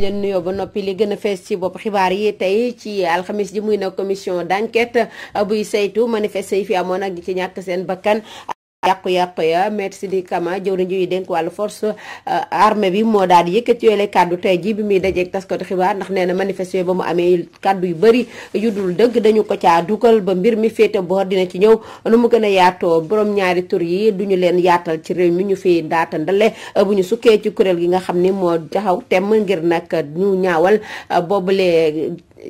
leen nuyoo ba noppi li gën a fees ci bopp xibaar yi tey ci alxamis ji muy na commission d'enquête buy saytu manifeste yi fi amoon ak ñi ci ñàkk seen bakkan yàqu-yàqu ya maître Sidiki Kama jëwriñ ji dénk wàllu force euh, armée bi moo daal di yëkkati yooyu kàddu tey jii bi muy dajeeg taskatu xibaar ndax nee na manifesté ba mu amee kàddu yu bëri yu dul dëgg dañu ko caa dugal ba mbir mi féete boor dina ci ñëw nu mu gën a yaatoo borom ñaari tur yi duñu leen yaatal ci réew mi ñu fi daata ndale euh, bu ñu sukkee ci kuréel gi nga xam ni moo taxaw temm ngir nag ñu ñaawal euh, boobule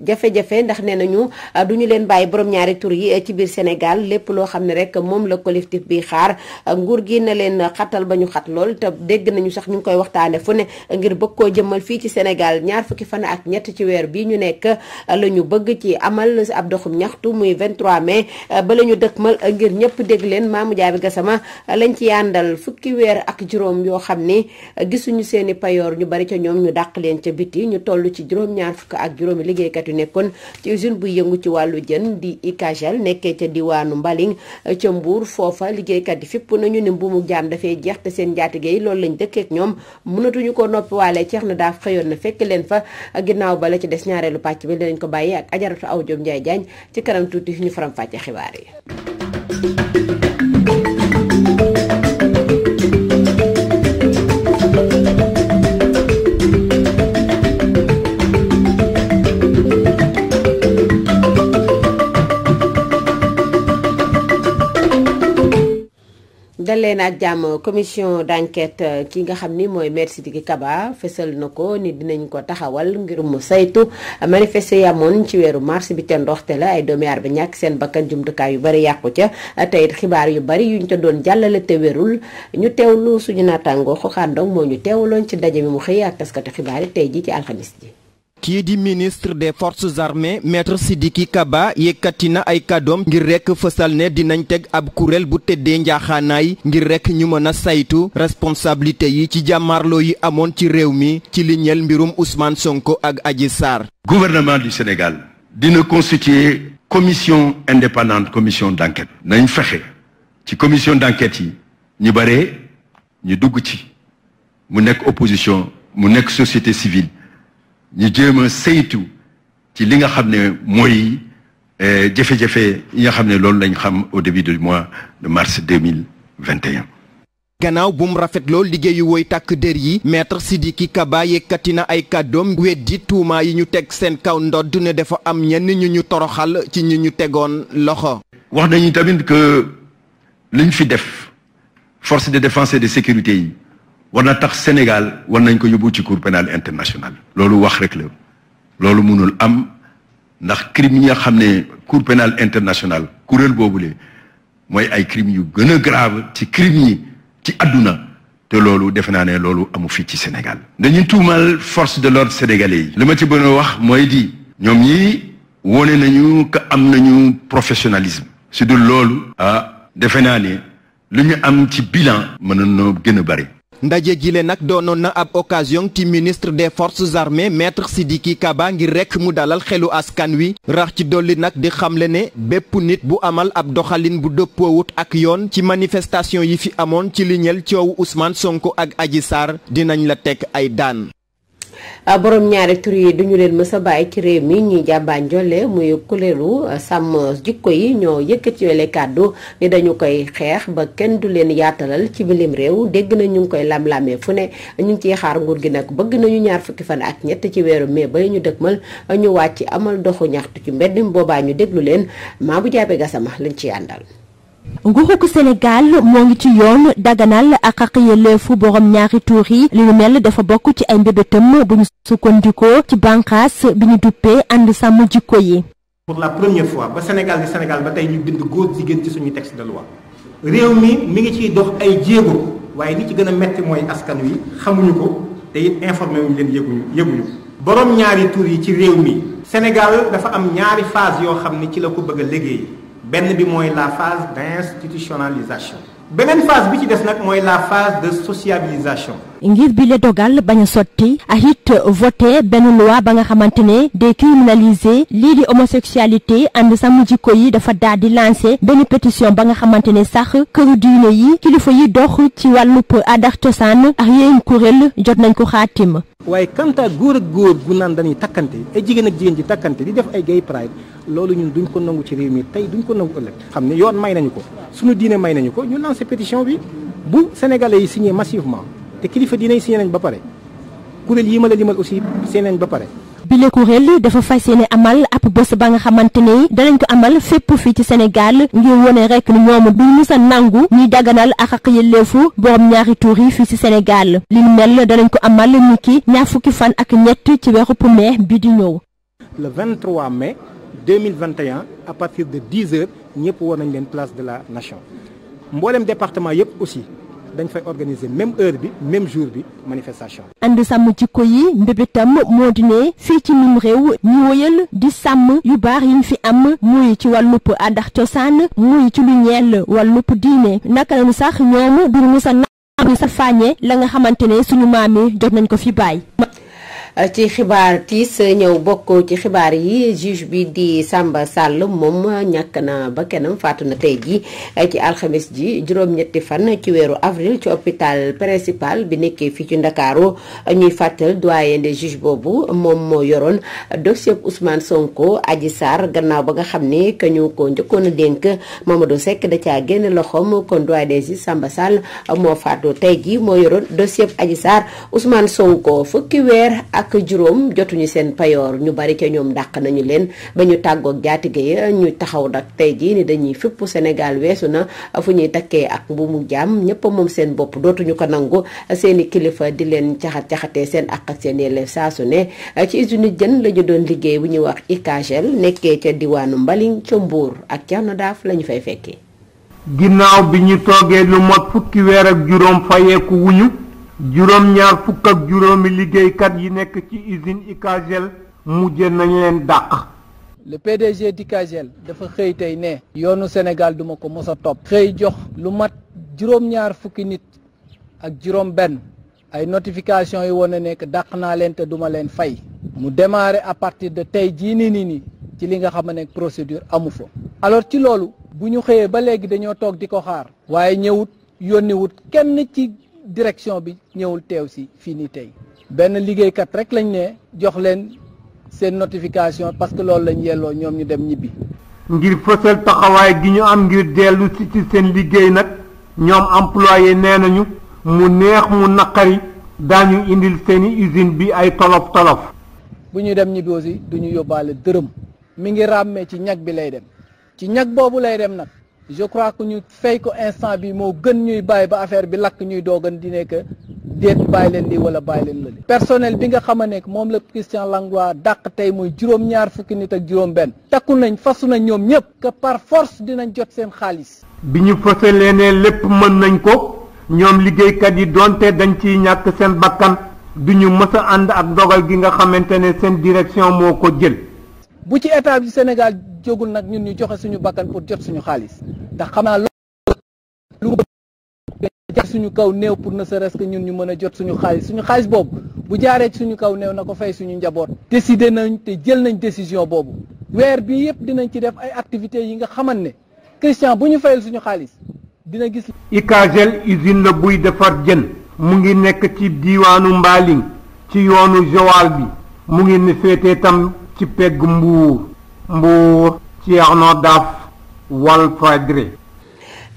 jafe-jafe ndax nee nañu ah, du ñu leen bàyyi boroom ñaari tur yi eh, ci biir Sénégal lépp loo xam ne rek moom la collectif bi xaar ah, nguur gi na leen xatal ba ñu xat lool te dégg nañu sax ñu ngi koy waxtaane fu ne ngir bëgg koo jëmal fii ci Sénégal ñaar fukki fan ak ñett ci weer bi ñu nekk ah, la ñu bëgg ci amal ab doxum ñaxtu muy 23 mai ba la ñu dëkkmal ngir ñëpp dégg leen Mamou Diaby Gassama lañ ci yàndal fukki weer ak juróom yoo xam ni gisuñu seeni payoor ñu bari ca ñoom ñu dàq leen ca biti ñu toll ci juróom ak juróomi liggéeykat liggéeykat yu nekkoon ci usine bu yëngu ci wàllu jën di Ikajal nekkee ca diwaanu Mbaling ca mbuur foofa liggéeykat yi fipp nañu ne mbuumu jaam dafay jeex te seen njaatige yi loolu lañ dëkkee ak ñoom mënatuñu ko noppiwaale ceex na daa xëyoon na fekk leen fa ginnaaw ba la ci des ñaareelu pàcc bi dinañ ko bàyyi ak ajaratu aw Diop Ndiaye Diagne ci kanam tuuti ñu faram fàcce xibaar yi dal leen ak jàmm commission d'enquête euh, ki nga xam ni mooy maître Sidiki Kaba fësal na ko ni dinañ ko taxawal ngir mu saytu manifeste yamoon ci weeru mars bi te ndoxte la ay doomi aar ba ñàkk seen bakkan jumtukaay yu bari yàqu ca tey xibaar yu bari yuñ ca doon jàllale te wérul ñu teewlu suñu naataangoo xoxaandong moo ñu teewaloon ci ndaje mi mu xëy ak taskati xibaar yi tey ji ci alxamis ji kii di ministre des forces armées maître Sidiki Kaba yëkkati na ay kàddoom ngir rek fësal ne dinañ teg ab kuréel bu tëddee njaaxaanaay ngir rek ñu mën a saytu responsabilité yi ci jàmmaarloo yi amoon ci réew mi ci li mbirum Ousmane Sonko ak aji Sarr. gouvernement du Sénégal dina constituer commission indépendante commission d'enquête. nañ fexe ci commission d'enquête yi ñu bare ñu dugg ci mu nekk opposition mu nekk société civile. ñu jéem a saytu ci li nga xam ne mooy euh, jafe-jafe yi nga xam ne loolu lañ xam au début du mois de mars deux mille vingt et gannaaw bu mu loolu liggéeyu woy takk der yi maître Sidiki Kaba yëkkati na ay kàddoom weddi tuuma yi ñu teg seen kaw ndodd ne dafa am ñenn ñu ñu toroxal ci ñu ñu tegoon loxo. wax nañu tamit que ñu fi def force de défense et de sécurité yi. war na tax Sénégal war nañ ko yóbbu ci cour pénale internationale loolu wax rek la loolu mënul am ndax crime yi nga xam ne cour international internationale boobu boobule mooy ay crimes yu gën a grave ci crime yi ci àdduna te loolu defe naa ne loolu amu fii ci Sénégal dañuy tuumal force de l'ordre sénégalais yi li ma ci bëgg a wax mooy di ñoom ñi wone nañu que am nañu professionnalisme su du loolu ah defe naa ne lu ñu am ci bilan mën na noo gën a bëri ndaje gile nag doonoon na ab occasion ci ministre des forces armées maître Sidiki Kaba ngir rek mu dalal xelu askan wi rax ci dolli nag di xamle ne bépp nit bu amal ab doxalin bu dëppoowut ak yoon ci manifestation yi fi amoon ci li ñeel coowu Ousmane Sonko ak aji Sarr dinañ la tekk ay daan Ah, borom ñaari tur yi duñu leen mës a bàyyi ci réew mi ñi jàmbaan jolle muy kuréelu ah, sàmm jikko yi ñoo ci yooyu kàddu ni dañu koy xeex ba kenn du leen yaatalal ci bilim réew dégg na ñu ngi koy lam-lamee fu ne ñu ngi ciy xaar nguur gi nag bëgg nañu ñaar fukki fan ak ñett ci weeru mais bay ñu mën ah, ñu wàcc amal doxu ñaxtu ci mbedd boobaa ñu déglu leen maa bu jaabe gasama lañ ci àndal nguuruk Sénégal moo ngi ci yoon daganal ak ak yelleefu borom ñaari tuur yi li nu mel dafa bokk ci ay mbébétam bu ñu sukkandikoo ci bànqaas bi ñu duppee ànd sàmm jikko yi. pour la première fois ba Sénégal di Sénégal ba tey ñu bind góor jigéen ci suñu texte de loi réew mi mi ngi ciy dox ay jéego waaye li ci gën a metti mooy askan wi xamuñu ko te it informé wuñu leen yëguñu yëguñu borom ñaari tuur yi ci réew mi. Sénégal dafa am ñaari phase yoo xam ni ci la ko bëgg a liggéey benn bi mooy la phase d' institutionnalisation beneen phase bi ci des nag mooy la phase de sociabilisation ngir bi le dogal bañ a sotti ak it voté benn loi ba nga xamante ne décriminalisé lii di homosexualité ànd sàmm jikko yi dafa daal di lancé benn pétition ba nga xamante ne sax këru diine yi kilifa yi dox ci wàllub aadax cosaan ak yéen kuréel jot nañ ko xaatim waaye kanta góor ak góor gu naan dañuy takkante ay jigéen ak jigéen ji takkante di def ay gay pride loolu ñun duñ ko nangu ci réew mi tey duñ ko nangu ëllëg xam ne yoon may nañu ko suñu diine may nañu ko ñu lancé pétition bi bu sénégalais yi signé massivement te kilifa diinay signé nañ ba pare kuréel yi ma la limal aussi signé nañ ba pare. bile kuréel dafa fas yéene amal ab bés ba nga xamante ne danañ ko amal fépp fii ci Sénégal ngir wone rek ni ñoom duñ mës a nangu ñuy daganal ak ak yelleefu borom ñaari tuur yi fii ci Sénégal li nu mel danañ ko amal ñu ki ñaar fukki fan ak ñett ci weeru mai bi di ñëw. le 23 mai 2021 à partir de 10 heures ñëpp war nañ leen place de la nation mbooleem département yëpp aussi. dañ fay organiser même heure bi même jour bi manifestation bi. ànd sàmm jikko yi mbébétam moo di ne fii ci mim réew ñu woyal di sàmm yu baax yiñ fi am muy ci wàllub àndax cosaan muy ci lu wal wàllub diine naka lañu sax ñoom duñu musa naam sa fàññe la nga xamante ne suñu maam yi jot nañ ko fi bàyyi. ci xibaar tiis ñëw bokk ci xibaar yi juge bi di Samba sàll moom ñàkk na ba kenam faatu na tey ji ci alxemes ji juróom-ñetti fan ci weeru avril ci hôpital principal bi nekkee fii ci Ndakaaru ñuy fàttal doyen des juges boobu moom moo yoroon dossier Ousmane Sonko Adji Sarr gannaaw ba nga xam ne que ko njëkkoon a dénk Mamadou Seck da caa génn loxoom kon doyen des juges Samba Sall moo faatu tey ji moo yoroon dossier Adji Sarr Ousmane Sonko fukki weer. ak juróom jotuñu seen payoor ñu bari ca ñoom dàq nañu leen ba ñu tàggoog jaatige ya ñu taxaw nag tey jii ni dañuy fépp senegaal weesu na fu ñuy takkee ak bu mu jaam ñëpp moom seen bopp dootuñu ko nangu seeni kilifa di leen caxat caxatee seen ak ak seen yelleef saa su ne ci usine jën lañu doon liggéey bu ñuy wax ICAGEL nekkee ca diwaanu mbalin ca Mbour ak Thierno Daaf fay fekkee. ginnaaw bi ñu toogee lu mot fukki weer ak juróom fayeeku wuñu juróom-ñaar fukk ak juróomi liggéeykat yi nekk ci usine Ikagel mujje nañ leen dàq. le PDG d'Ikagel dafa xëy tey ne. yoonu Sénégal duma ko mos a topp. xëy jox lu mat juróom-ñaar fukki nit ak juróom-benn ay notification yi wane ne dàq naa leen te duma leen fay. mu démarré à partir de tey jii nii nii nii ci li nga xam ne procédure amu fa. alors ci loolu bu ñu xëyee ba léegi dañoo toog di ko xaar. waaye ñëwut yónniwut kenn ci. direction bi ñëwul teew si fii nii tey benn liggéeykat rek lañ ne jox leen seen notification parce que loolu lañ yelloo ñoom ñu dem ñibbi. ngir fësal taxawaay gi ñu am ngir dellu ci seen liggéey nag ñoom employé nee nañu mu neex mu naqari daañu indil seeni usine bi ay tolof tolof. bu ñuy dem ñibbi aussi du ñu yóbbaale dërëm mi ngi ràmmee ci ñag bi lay dem ci ñag boobu lay dem nag. je crois que ñu fay ko instant bi moo gën ñuy bàyyi ba affaire bi lakk ñuy doogan di nekk déet bàyyi leen lii wala bàyyi leen lële personnel bi nga xam ne moom la Christian Langlois dàq tey muy juróom-ñaar fukki nit ak juróom-benn takku nañ fasu nañ ñoom ñëpp que par force dinañ jot seen xaalis. bi ñu fase leenee lépp mën nañ ko ñoom liggéeykat yi donte dañ ci ñàkk seen bakkan du ñu mës a ànd ak dogal gi nga xamante ne seen direction moo ko jël. jógul nag ñun ñu joxe suñu bakkan pour jot suñu xaalis ndax xamaa lu jaar suñu kaw néew pour na sa resque ñun ñu mën a jot suñu xaalis suñu xaalis boobu bu jaaree ci suñu kaw néew na ko fay suñu njaboot décidé nañ te jël nañ décision boobu weer bii yëpp dinañ ci def ay activités yi nga xaman ne Christian bu ñu fayal suñu xaalis dina gis Ikagel usine la buy defar jën mu ngi nekk ci diiwaanu Mbaling ci yoonu Joal bi mu ngi ni féete tam ci pegg Mbuur Mbour Thierno Daf Walfadjri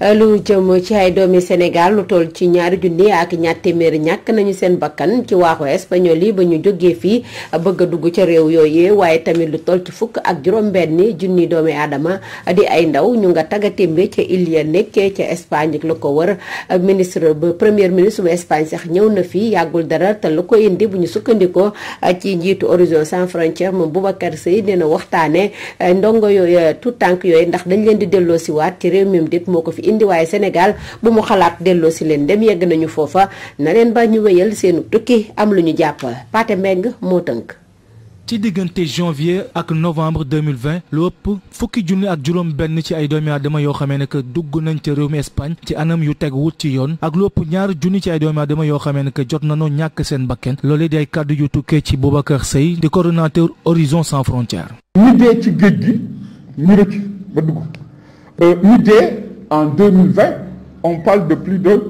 Euh, lu jëm ci ay doomi Sénégal lu tool ci ñaari junni ak ñaar téeméeri ñàkk nañu seen bakkan ci waaxu espagnol yi ba ñu jógee fii bëgg a dugg ca réew yooyee waaye tamit lu toll ci fukk ak juróom-benni junni doomi aadama di ay ndaw ñu nga tagatémbe ca il ya nekkee ca Espagne la ko war ak euh, ministre ba premier ministre bu Espagne sax ñëw na fii yàggul dara te lu ko indi bu ñu sukkandikoo euh, ci njiitu Horizon Sans Frontières moom Boubacar Seye nee na waxtaane ndongo yooyu tout tànk yooyu ndax dañ leen di delloo si waat ci réew moo ko fi fi indi waaye Sénégal bu mu xalaat delloo si leen dem yegg nañu foofa na leen ba ñu wéyal seenu tukki am lu ñu jàpp Pathé Mbeng moo tënk. ci diggante janvier ak novembre 2020 lu ëpp fukki junni ak juróom benn ci ay doomi aadama yoo xamee ne que dugg nañ ca réew mi Espagne ci anam yu teg wut ci yoon ak lu ëpp ñaar junni ci ay doomi aadama yoo xamee ne que jot nañoo ñàkk seen bakken loolee di ay kàddu yu tukkee ci Boubacar Seye di coordonnateur Horizon Sans Frontières. ñu dee en 2020 on parle de plus de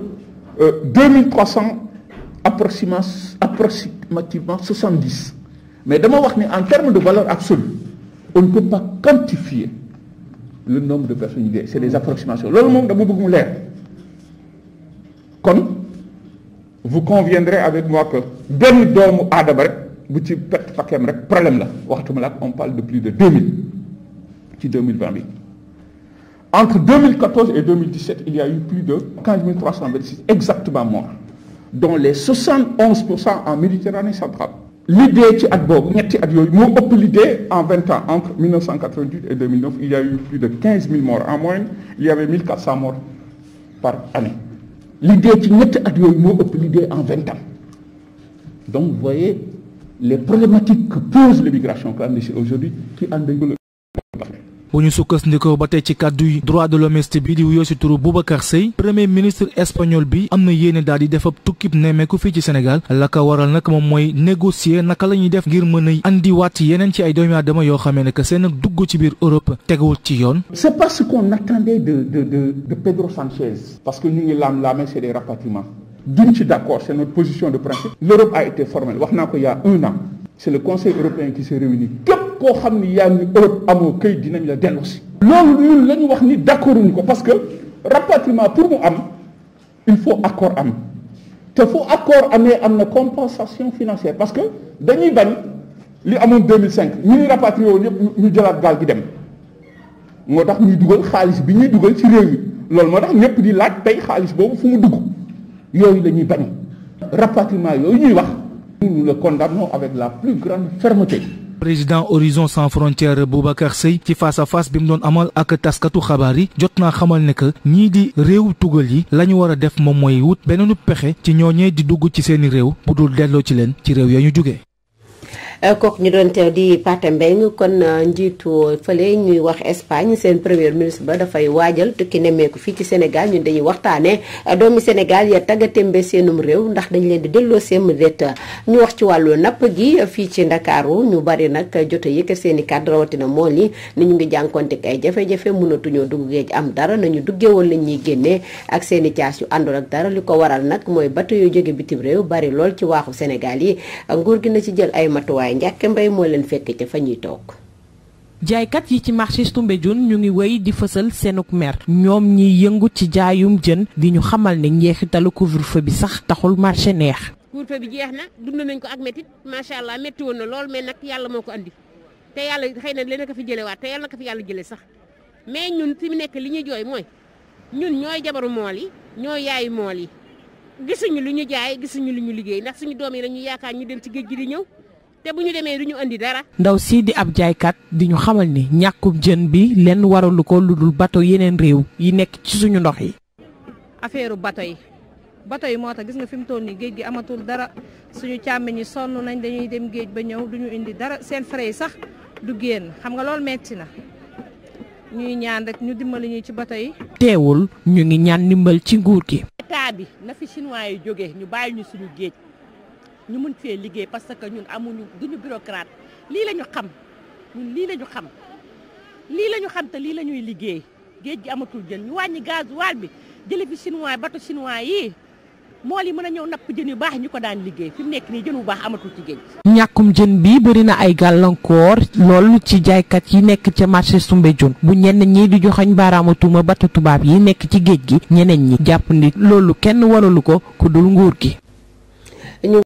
euh, 2300 approxima approximativement 70 mais dama wax ni en termes de valeur absolue on ne peut pas quantifier le nombre de personnes yu dee c'est des approximations loolu moom dama bëgg mu leer kon vous conviendrez avec moi que benn doomu aadama rek bu ci perte fakkeem rek problème la waxtuma la on parle de plus de 2000 ci bi Entre 2014 et 2017, il y a eu plus de 15 326 exactement morts, dont les en Méditerranée centrale. L'idée ci at boobu ñetti at yooyu moo ëpp l'idée en 20 ans entre 1988 et 2009 il y a eu plus de morts en moyenne il y avait morts par année l'idée ci ñetti at yooyu moo ëpp l'idée en 20 ans donc vous voyez les problématiques que pose l'immigration clandestine aujourd'hui qui en découlent bu ñu sukkandikoo ba tey ci kàddu droit de l'homme bi di wuyoo si turu Boubacar Seye premier ministre espagnol bi am na yéene daal di defab tukkib nemmeeku fii ci Sénégal la ko waral nag moom mooy négocier naka la ñuy def ngir mën a waat yeneen ci ay doomi aadama yoo xamee ne que seen dugg ci biir Europe teguwul ci yoon. c'est parce qu'on attendait de de de Pedro Sanchez. parce que ñu ngi laam laamee c'est des rapatriements. duñ ci d'accord c'est notre position de principe. l'Europe a y c'est le conseil européen qui se réunit képp koo xam ni yaa ngi Europe amoo këyit dinañ la dellusi. loolu ñun la ñu wax ni d'accord uñu ko parce que rapatriement pour mu am il faut accord am te fu accord amee am na compensation financière parce que dañuy bañ li amoon 2005 ñu ñuy rapatrié woon yëpp ñu jëlaat gaal bi dem moo tax ñuy dugal xaalis bi ñuy dugal ci réew yi loolu moo tax ñëpp di laaj tey xaalis boobu fu mu dugg yooyu la ñuy bañ rapatriement yooyu ñuy wax. nous le condamnons avec la plus grande fermeté. président Horizon sans frontières Boubacar Seye ci face à bi mu doon amal ak taskatu xabaar yi jot naa xamal ne que ñii di réew tugal yi la ñu war a def moom mooy wut beneen pexe ci ñooñee di dugg ci seeni réew bu dul delloo ci leen ci réew ya ñu jóge Euh, kooku ñu doon teew di Pathé Mbeng kon euh, njiitu fële ñuy wax Espagne seen premier ministre ba dafay waajal tukki nemmeeku fii ci Sénégal ñu dañuy waxtaanee euh, doomi Sénégal ya taggatémbe seenum réew ndax dañ leen di delloo seen det ñu wax ci wàllu napp gi fii ci Ndakaaru ñu bari nag jot a yëkkat seen i kàddu rawatina yi ni ñu ngi ay jafe-jafe mënatuñoo dugg am dara nañu duggee lañ ñuy génnee ak seen i caas yu àndoon ak dara li ko waral nag mooy bato yu jóge bitim réew bari lool ci waaxu Sénégal yi nguur gi na ci jël ay matuwaay Ndiaye Ndiakhate Mbaye moo leen fekk ca fa ñuy toog. jaaykat yi ci marché Soumbédioune ñu ngi wéy di fësal seenuk mer ñoom ñiy yëngu ci jaayum jën di ñu xamal ne njeexitalu couvre-feu bi sax taxul marché neex. couvre bi jeex na dund nañ ko ak métit macha allah métti woon na lool mais nag yàlla moo ko indi te yàlla xëy na leneen ko fi jëlewaat te yàlla na ko fi yàlla jëlee sax mais ñun fi mu nekk li ñu jooy mooy ñun ñooy jabaru mool yi ñooy yaayu mool yi gisuñu lu ñu jaay gisuñu lu ñu liggéey ndax suñu doom yi dañuy yaakaar ñu dem ci géej gi di ñëw. te bu ñu demee du ñu andi dara. ndaw sii di ab jaaykat di ñu xamal ni ñàkkub jën bi lenn waralu ko lu dul bato yeneen réew yi nekk ci suñu ndox yi. affaire bato yi bato yi moo tax gis nga fi mu toll nii géej gi amatul dara suñu càmmiñ ñi sonn nañ dañuy dem géej ba ñëw du ñu indi dara seen frais yi sax du génn xam nga loolu metti na. ñuy ñaan rek ñu dimbali ñu ci bato yi. teewul ñu ngi ñaan ndimbal ci nguur gi. état bi na fi chinois yi jógee ñu bàyyi ñu suñu géej. ñu mën fee liggéey parce que ñun amuñu duñu bureaucrate lii la ñu xam ñun lii la ñu xam lii la ñuy liggéey géej gi amatul jën ñu wàññi gasoil bi jële fi chinois bateau chinois yi mool yi mën a ñëw napp jën yu baax ñu ko daan liggéey fi nekk nii jën bu baax amatul ci géej. ñàkkum jën bi bëri na ay gàllankoor loolu ci jaaykat yi nekk ca marché Soumbédioune bu ñenn ñi di joxañ baaraamatuma tuuma tubaab yi nekk ci géej gi ñeneen ñi jàpp ni loolu kenn waralu ko ku dul nguur gi.